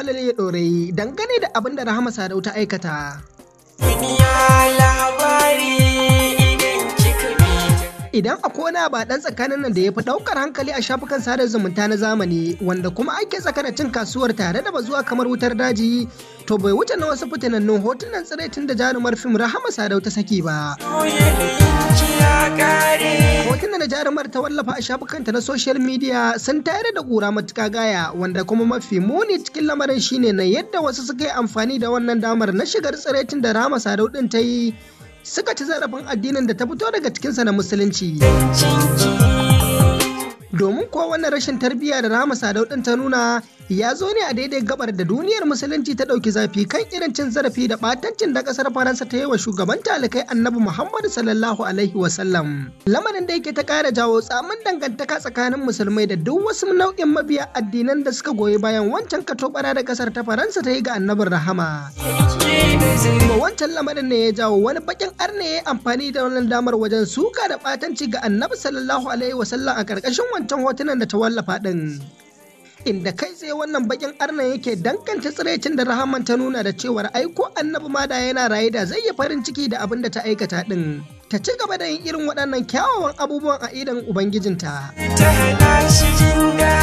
falale ɗorayi dangane da abin da Rahama Sadau ta aikata. Idan a kona ba ɗan tsakanin nan da ya fi ɗaukar hankali a shafukan sada zumunta na zamani wanda kuma ake tsakanin cin kasuwar tare da zuwa kamar wutar daji to bai wuce na wasu fitinannun hotunan tsiraitin da jarumar fim Rahama Sadau ta saki ba. da jarumar ta wallafa a shafukanta na social media sun tayar da kura matuƙa gaya wanda kuma mafi muni cikin lamarin shine na yadda wasu suka yi amfani da wannan damar na shigar tsiraitin da rama sadau ɗin ta yi suka ci zarafin addinin da ta fito daga cikinsa na musulunci. domin kuwa wannan rashin tarbiyya da rama sadau ɗin ta nuna ya zo ne a daidai gabar da duniyar musulunci ta ɗauki zafi kan irin cin zarafi da ɓatancin da ƙasar faransa ta yi wa shugaban talikai annabi muhammadu sallallahu alaihi wasallam lamarin da yake ta ƙara jawo tsamin dangantaka tsakanin musulmai da duk wasu nau'in mabiya addinan da suka goyi bayan wancan katobara da ƙasar ta faransa ta yi ga annabin rahama. wancan lamarin ne ya jawo wani bakin arne ya amfani da wannan damar wajen suka da batanci ga annabi sallallahu alaihi wasallam a karkashin wancan hotunan da ta wallafa din inda kai tsaye wannan bakin arnan yake danganta tsiraicin da rahaman ta nuna da cewar ko annabi ma da yana raye da zai yi farin ciki da abin da ta aikata din ta ci gaba da yin irin waɗannan kyawawan abubuwan a idan ubangijinta ta shi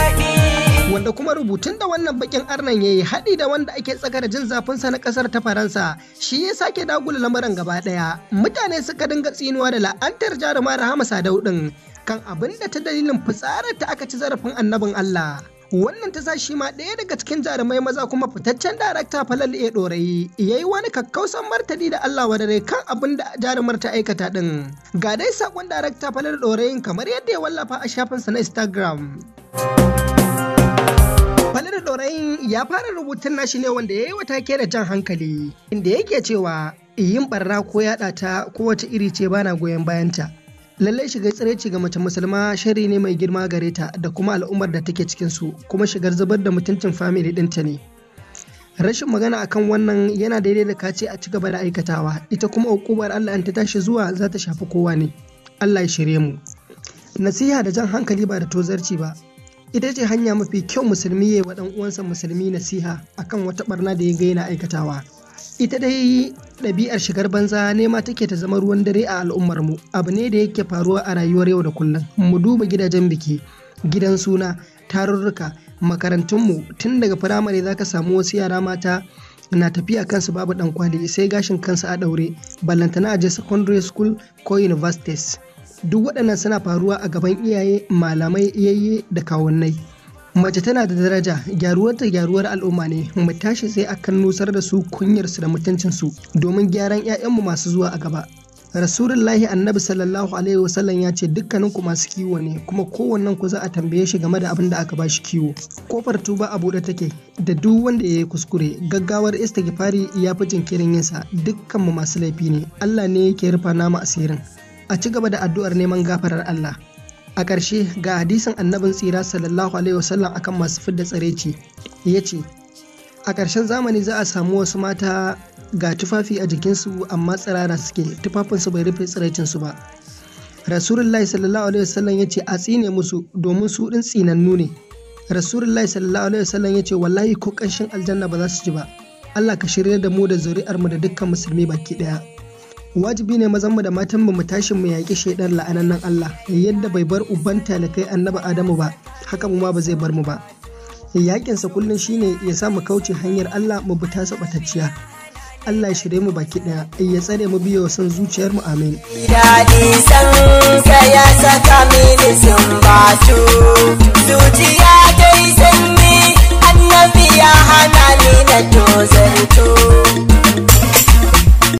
wanda kuma rubutun da wannan bakin arnan ya yi haɗi da wanda ake tsakar jin zafinsa na kasar ta faransa shi ya sake dagula lamarin gaba ɗaya mutane suka dinga tsinuwa da la'antar jaruma rahama sadau ɗin kan abin da ta dalilin fitsarar ta aka ci zarafin annabin allah wannan ta sa shi ma ɗaya daga cikin jarumai maza kuma fitaccen darakta falal ya ɗorayi ya yi wani kakkausan martani da Allah wadare kan abin da jarumar ta aikata ɗin ga dai saƙon darakta falal ɗorayin kamar yadda ya wallafa a shafinsa na instagram da ɗorayin ya fara rubutun nashi ne wanda ya yi wata ke da jan hankali inda yake cewa yin barra ko yaɗa ta kowace iri ce bana goyon bayanta. Lallai shiga tsiraici ga mace musulma shari ne mai girma gare ta da kuma al'ummar da take cikin su kuma shigar zubar da mutuncin famili ɗinta ne. Rashin magana akan wannan yana daidai da kace a ci gaba da aikatawa ita kuma hukumar Allah an ta tashi zuwa za ta shafi kowa ne. Allah ya shirye mu. Nasiha da jan hankali ba da tozarci ba ita ce hanya mafi kyau musulmi ya wa ɗan uwansa musulmi nasiha akan wata barna da ya ga yana aikatawa ita dai ɗabi'ar shigar banza nema take ta zama ruwan dare a al'ummar mu abu ne da yake faruwa a rayuwar yau da kullum mu duba gidajen biki gidan suna tarurruka makarantunmu tun daga firamare zaka samu wasu yara mata na tafiya kansu babu dan kwali sai gashin kansu a ɗaure ballantana a je secondary school ko universities duk waɗannan suna faruwa a gaban iyaye malamai yayye da kawunnai mace tana da daraja gyaruwarta gyaruwar al'umma ne mu tashi sai akan nusar da su kunyarsu da mutuncinsu domin gyaran 'ya'yanmu masu zuwa a gaba rasulullahi annabi sallallahu alaihi wasallam ya ce dukkaninku masu kiwo ne kuma kowannen ku za a tambaye shi game da abin da aka bashi kiwo kofar tuba a buɗe take da duk wanda ya yi kuskure gaggawar istighfari ya fi jinkirin yinsa Dukkanmu masu laifi ne allah ne yake rufa nama asirin a ci gaba da addu'ar neman gafarar Allah a ƙarshe ga hadisin annabin tsira sallallahu alaihi wasallam akan masu fidda ce, ya ce a ƙarshen zamani za a samu wasu mata ga tufafi a jikinsu amma tsirara suke tufafinsu bai rufe tsiraicinsu ba rasulullahi sallallahu alaihi wasallam ya ce a tsine musu domin su ɗin tsinannu ne rasulullahi sallallahu alaihi wasallam ya ce wallahi ko ƙanshin aljanna ba za su ji ba allah ka shirya da mu da zuri'armu da dukkan musulmi baki ɗaya wajibi ne mazan mu da matan mu tashi mu yaƙi la'anan la'anannan Allah yadda bai bar uban talakai Annaba Adamu ba haka mu ma ba zai bar mu ba yaƙinsa kullum shine ya sa mu kauce hanyar Allah mu bi tasa batacciya Allah ya shirye mu baki ɗaya ya tsare mu biyo son zuciyar mu amin san ya saka mini zuciya